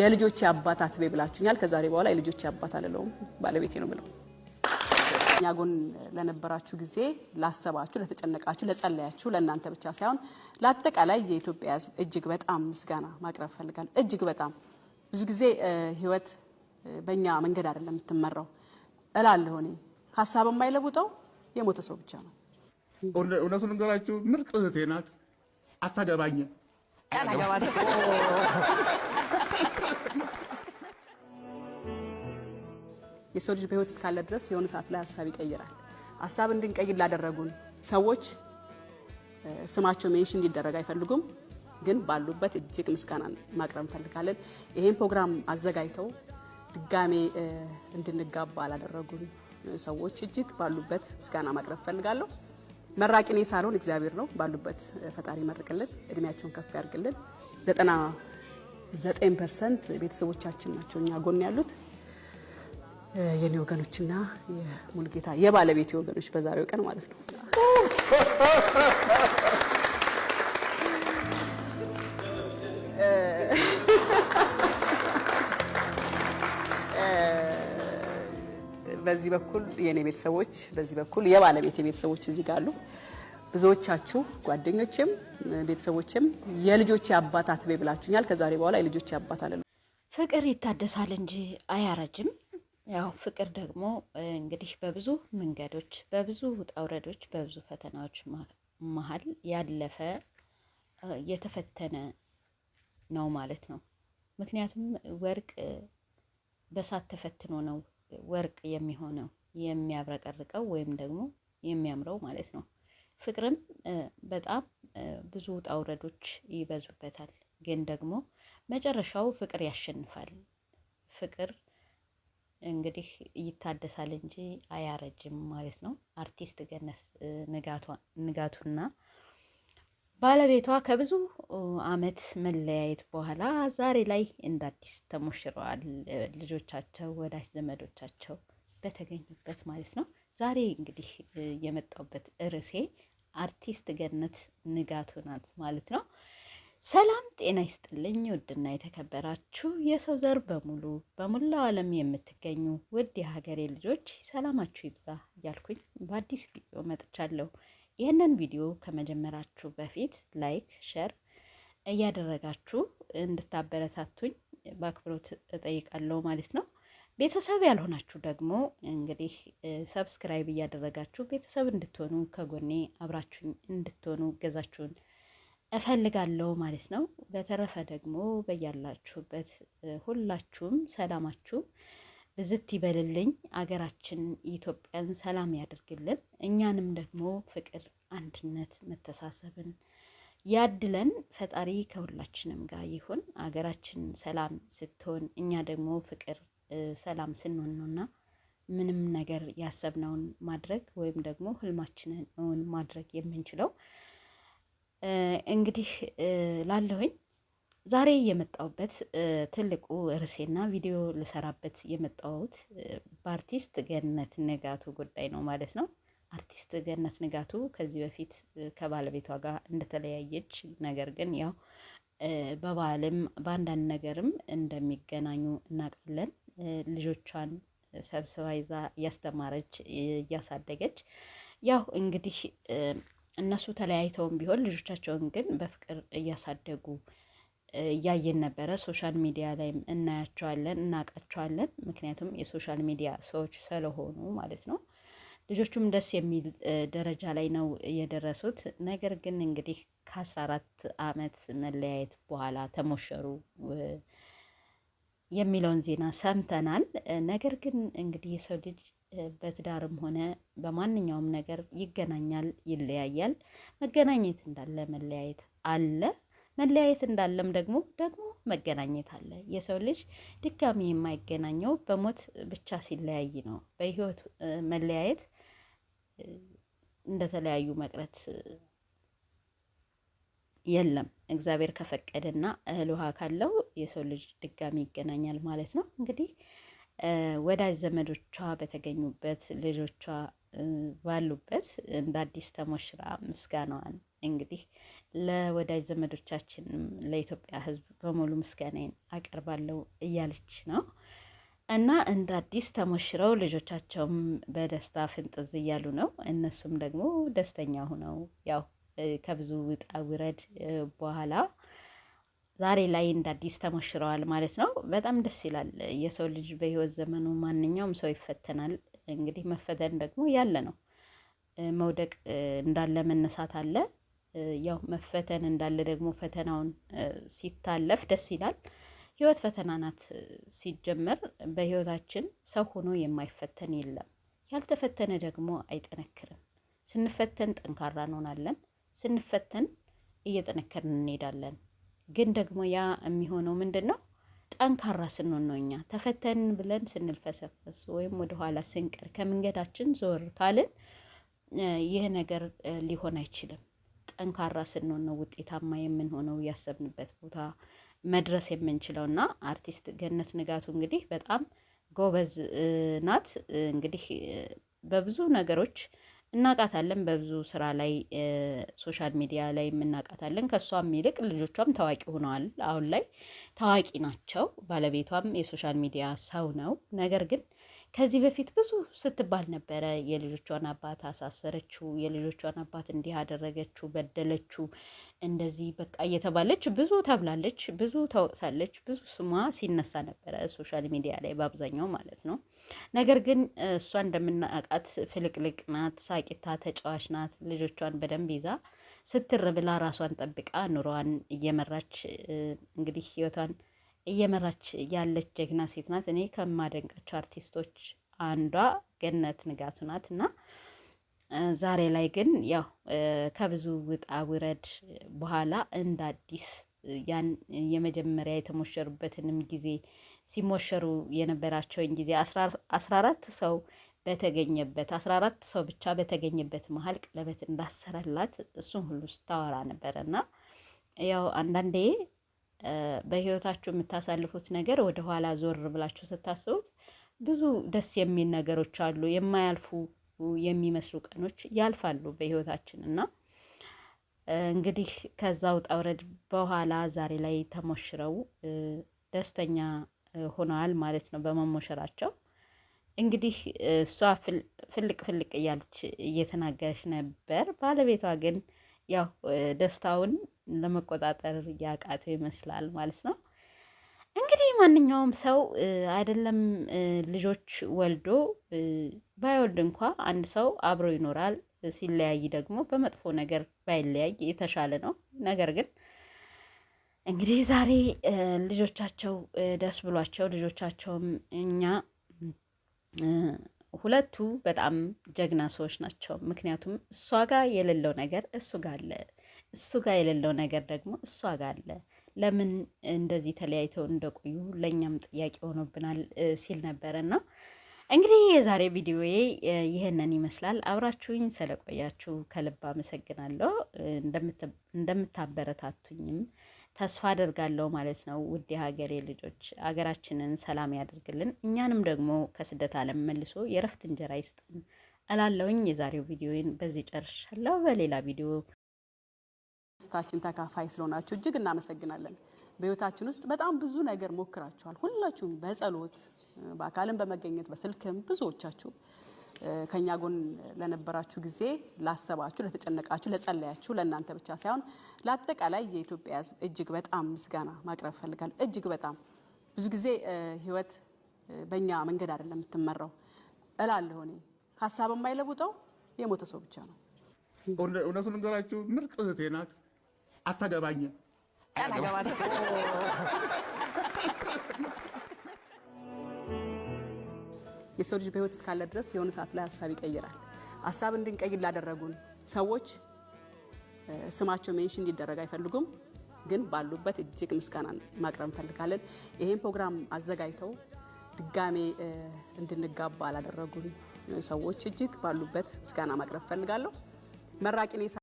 የልጆች አባት አትቤ ብላችሁኛል። ከዛሬ በኋላ የልጆች አባት አልለውም፣ ባለቤቴ ነው ብለው እኛ ጎን ለነበራችሁ ጊዜ ላሰባችሁ፣ ለተጨነቃችሁ፣ ለጸለያችሁ ለእናንተ ብቻ ሳይሆን ለአጠቃላይ የኢትዮጵያ ሕዝብ እጅግ በጣም ምስጋና ማቅረብ እፈልጋለሁ። እጅግ በጣም ብዙ ጊዜ ህይወት በእኛ መንገድ አይደለም የምትመራው እላለሁ እኔ። ሀሳብ የማይለውጠው የሞተ ሰው ብቻ ነው። እውነቱን እንገራችሁ፣ ምርጥ እህቴ ናት። አታገባኝም የሰው ልጅ በህይወት እስካለ ድረስ የሆነ ሰዓት ላይ ሀሳብ ይቀይራል። ሀሳብ እንድንቀይር ላደረጉን ሰዎች ስማቸው ሜንሽን እንዲደረግ አይፈልጉም፣ ግን ባሉበት እጅግ ምስጋና ማቅረብ እንፈልጋለን። ይህን ፕሮግራም አዘጋጅተው ድጋሜ እንድንጋባ ላደረጉን ሰዎች እጅግ ባሉበት ምስጋና ማቅረብ እፈልጋለሁ። መራቂ እኔ ሳልሆን እግዚአብሔር ነው። ባሉበት ፈጣሪ መርቅልን እድሜያቸውን ከፍ ያርግልን። ዘጠና ዘጠኝ ፐርሰንት ቤተሰቦቻችን ናቸው እኛ ጎን ያሉት። የኔ ወገኖችና የሙልጌታ የባለቤት ወገኖች በዛሬው ቀን ማለት ነው። በዚህ በኩል የእኔ ቤተሰቦች፣ በዚህ በኩል የባለቤት ቤተሰቦች እዚህ ጋር አሉ። ብዙዎቻችሁ ጓደኞችም ቤተሰቦችም የልጆች አባት አትቤ ብላችሁኛል። ከዛሬ በኋላ የልጆች አባት አለ። ፍቅር ይታደሳል እንጂ አያረጅም። ያው ፍቅር ደግሞ እንግዲህ በብዙ መንገዶች በብዙ ውጣ ውረዶች በብዙ ፈተናዎች መሀል ያለፈ የተፈተነ ነው ማለት ነው። ምክንያቱም ወርቅ በሳት ተፈትኖ ነው ወርቅ የሚሆነው የሚያብረቀርቀው ወይም ደግሞ የሚያምረው ማለት ነው። ፍቅርም በጣም ብዙ ውጣ ውረዶች ይበዙበታል፣ ግን ደግሞ መጨረሻው ፍቅር ያሸንፋል። ፍቅር እንግዲህ ይታደሳል እንጂ አያረጅም ማለት ነው። አርቲስት ገነት ንጋቱና ባለቤቷ ከብዙ አመት መለያየት በኋላ ዛሬ ላይ እንደ አዲስ ተሞሽረዋል። ልጆቻቸው፣ ወዳጅ ዘመዶቻቸው በተገኙበት ማለት ነው። ዛሬ እንግዲህ የመጣውበት ርዕሴ አርቲስት ገነት ንጋቱ ናት ማለት ነው። ሰላም ጤና ይስጥልኝ። ውድና የተከበራችሁ የሰው ዘር በሙሉ በሙላው ዓለም የምትገኙ ውድ የሀገሬ ልጆች ሰላማችሁ ይብዛ እያልኩኝ በአዲስ ቪዲዮ መጥቻለሁ። ይህንን ቪዲዮ ከመጀመራችሁ በፊት ላይክ፣ ሸር እያደረጋችሁ እንድታበረታቱኝ በአክብሮት እጠይቃለሁ ማለት ነው። ቤተሰብ ያልሆናችሁ ደግሞ እንግዲህ ሰብስክራይብ እያደረጋችሁ ቤተሰብ እንድትሆኑ ከጎኔ አብራችሁኝ እንድትሆኑ ገዛችሁን እፈልጋለሁ ማለት ነው። በተረፈ ደግሞ በያላችሁበት ሁላችሁም ሰላማችሁ ብዝት ይበልልኝ። አገራችን ኢትዮጵያን ሰላም ያደርግልን። እኛንም ደግሞ ፍቅር፣ አንድነት፣ መተሳሰብን ያድለን። ፈጣሪ ከሁላችንም ጋር ይሁን። አገራችን ሰላም ስትሆን እኛ ደግሞ ፍቅር፣ ሰላም ስንሆን ነውና ምንም ነገር ያሰብነውን ማድረግ ወይም ደግሞ ህልማችንን እውን ማድረግ የምንችለው እንግዲህ ላለሁኝ ዛሬ የመጣሁበት ትልቁ ርዕሴና ቪዲዮ ልሰራበት የመጣሁት በአርቲስት ገነት ንጋቱ ጉዳይ ነው ማለት ነው። አርቲስት ገነት ንጋቱ ከዚህ በፊት ከባለቤቷ ጋር እንደተለያየች ነገር ግን ያው በባህልም በአንዳንድ ነገርም እንደሚገናኙ እናውቃለን። ልጆቿን ሰብስባ ይዛ እያስተማረች እያሳደገች ያው እንግዲህ እነሱ ተለያይተውም ቢሆን ልጆቻቸውን ግን በፍቅር እያሳደጉ እያየን ነበረ። ሶሻል ሚዲያ ላይም እናያቸዋለን፣ እናውቃቸዋለን። ምክንያቱም የሶሻል ሚዲያ ሰዎች ስለሆኑ ማለት ነው። ልጆቹም ደስ የሚል ደረጃ ላይ ነው የደረሱት። ነገር ግን እንግዲህ ከአስራ አራት አመት መለያየት በኋላ ተሞሸሩ የሚለውን ዜና ሰምተናል። ነገር ግን እንግዲህ የሰው ልጅ በትዳርም ሆነ በማንኛውም ነገር ይገናኛል፣ ይለያያል። መገናኘት እንዳለ መለያየት አለ፣ መለያየት እንዳለም ደግሞ ደግሞ መገናኘት አለ። የሰው ልጅ ድጋሚ የማይገናኘው በሞት ብቻ ሲለያይ ነው። በህይወት መለያየት እንደተለያዩ መቅረት የለም። እግዚአብሔር ከፈቀደና እህል ውሃ ካለው የሰው ልጅ ድጋሚ ይገናኛል ማለት ነው እንግዲህ ወዳጅ ዘመዶቿ በተገኙበት ልጆቿ ባሉበት እንደ አዲስ ተሞሽራ ምስጋናዋን እንግዲህ ለወዳጅ ዘመዶቻችንም ለኢትዮጵያ ሕዝብ በሙሉ ምስጋናዬን አቀርባለሁ እያለች ነው እና እንደ አዲስ ተሞሽረው ልጆቻቸውም በደስታ ፍንጥዝ እያሉ ነው። እነሱም ደግሞ ደስተኛ ሆነው ያው ከብዙ ውጣ ውረድ በኋላ ዛሬ ላይ እንደ አዲስ ተሞሽረዋል ማለት ነው። በጣም ደስ ይላል። የሰው ልጅ በህይወት ዘመኑ ማንኛውም ሰው ይፈተናል። እንግዲህ መፈተን ደግሞ ያለ ነው። መውደቅ እንዳለ መነሳት አለ። ያው መፈተን እንዳለ ደግሞ ፈተናውን ሲታለፍ ደስ ይላል። ህይወት ፈተና ናት ሲጀመር። በህይወታችን ሰው ሆኖ የማይፈተን የለም። ያልተፈተነ ደግሞ አይጠነክርም። ስንፈተን ጠንካራ እንሆናለን። ስንፈተን እየጠነከርን እንሄዳለን። ግን ደግሞ ያ የሚሆነው ምንድን ነው? ጠንካራ ስንሆን ነው። እኛ ተፈተን ብለን ስንልፈሰፈስ ወይም ወደኋላ ስንቀር ከመንገዳችን ዞር ካልን ይህ ነገር ሊሆን አይችልም። ጠንካራ ስንሆን ነው ውጤታማ የምንሆነው ያሰብንበት ቦታ መድረስ የምንችለው እና አርቲስት ገነት ንጋቱ እንግዲህ በጣም ጎበዝ ናት። እንግዲህ በብዙ ነገሮች እናቃታለን። በብዙ ስራ ላይ ሶሻል ሚዲያ ላይ እናቃታለን። ከእሷም ይልቅ ልጆቿም ታዋቂ ሆነዋል። አሁን ላይ ታዋቂ ናቸው። ባለቤቷም የሶሻል ሚዲያ ሰው ነው። ነገር ግን ከዚህ በፊት ብዙ ስትባል ነበረ። የልጆቿን አባት አሳሰረችው፣ የልጆቿን አባት እንዲህ አደረገችው፣ በደለችው፣ እንደዚህ በቃ እየተባለች ብዙ ተብላለች፣ ብዙ ታወቅሳለች፣ ብዙ ስሟ ሲነሳ ነበረ ሶሻል ሚዲያ ላይ በአብዛኛው ማለት ነው። ነገር ግን እሷ እንደምናቃት ፍልቅልቅ ናት፣ ሳቂታ ተጫዋች ናት። ልጆቿን በደንብ ይዛ ስትር ብላ ራሷን ጠብቃ ኑሯዋን እየመራች እንግዲህ ህይወቷን እየመራች ያለች ጀግና ሴት ናት። እኔ ከማደንቃቸው አርቲስቶች አንዷ ገነት ንጋቱ ናት እና ዛሬ ላይ ግን ያው ከብዙ ውጣ ውረድ በኋላ እንደ አዲስ ያን የመጀመሪያ የተሞሸሩበትንም ጊዜ ሲሞሸሩ የነበራቸውን ጊዜ አስራ አራት ሰው በተገኘበት አስራ አራት ሰው ብቻ በተገኘበት መሀል ቀለበት እንዳሰረላት እሱን ሁሉ ስታወራ ነበረ እና ያው አንዳንዴ በህይወታችሁ የምታሳልፉት ነገር ወደ ኋላ ዞር ብላችሁ ስታስቡት ብዙ ደስ የሚል ነገሮች አሉ። የማያልፉ የሚመስሉ ቀኖች ያልፋሉ በህይወታችን እና እንግዲህ ከዛ ውጣ ውረድ በኋላ ዛሬ ላይ ተሞሽረው ደስተኛ ሆነዋል ማለት ነው። በመሞሸራቸው እንግዲህ እሷ ፍልቅ ፍልቅ እያለች እየተናገረች ነበር። ባለቤቷ ግን ያው ደስታውን ለመቆጣጠር ያቃተው ይመስላል ማለት ነው። እንግዲህ ማንኛውም ሰው አይደለም ልጆች ወልዶ ባይወልድ እንኳ አንድ ሰው አብሮ ይኖራል። ሲለያይ ደግሞ በመጥፎ ነገር ባይለያይ የተሻለ ነው። ነገር ግን እንግዲህ ዛሬ ልጆቻቸው ደስ ብሏቸው ልጆቻቸውም እኛ ሁለቱ በጣም ጀግና ሰዎች ናቸው። ምክንያቱም እሷ ጋር የሌለው ነገር እሱ ጋር አለ። እሱ ጋር የሌለው ነገር ደግሞ እሷ ጋር አለ። ለምን እንደዚህ ተለያይተው እንደቆዩ ለእኛም ጥያቄ ሆኖብናል ሲል ነበረና እንግዲህ የዛሬ ቪዲዮ ይህንን ይመስላል። አብራችሁኝ ስለቆያችሁ ከልብ አመሰግናለሁ። እንደምታበረታቱኝም ተስፋ አደርጋለሁ ማለት ነው። ውድ የሀገሬ ልጆች ሀገራችንን ሰላም ያደርግልን፣ እኛንም ደግሞ ከስደት ዓለም መልሶ የረፍት እንጀራ ይስጠን እላለሁኝ። የዛሬው ቪዲዮን በዚህ ጨርሻለሁ። በሌላ ቪዲዮ ስታችን ተካፋይ ስለሆናችሁ እጅግ እናመሰግናለን። በህይወታችን ውስጥ በጣም ብዙ ነገር ሞክራችኋል። ሁላችሁም በጸሎት በአካልም በመገኘት በስልክም ብዙዎቻችሁ ከኛ ጎን ለነበራችሁ ጊዜ ላሰባችሁ፣ ለተጨነቃችሁ፣ ለጸለያችሁ ለእናንተ ብቻ ሳይሆን ለአጠቃላይ የኢትዮጵያ ሕዝብ እጅግ በጣም ምስጋና ማቅረብ ፈልጋል። እጅግ በጣም ብዙ ጊዜ ህይወት በእኛ መንገድ አይደለም የምትመራው እላለሁ እኔ። ሀሳብ የማይለውጠው የሞተ ሰው ብቻ ነው። እውነቱ ንገራችሁ ምርጥ እህቴ ናት። አታገባኝ። የሰው ልጅ በህይወት እስካለ ድረስ የሆነ ሰዓት ላይ ሀሳብ ይቀይራል። ሀሳብ እንድንቀይር ላደረጉን ሰዎች ስማቸው ሜንሽን እንዲደረግ አይፈልጉም፣ ግን ባሉበት እጅግ ምስጋና ማቅረብ እንፈልጋለን። ይህን ፕሮግራም አዘጋጅተው ድጋሜ እንድንጋባ ላደረጉን ሰዎች እጅግ ባሉበት ምስጋና ማቅረብ እፈልጋለሁ። መራቂ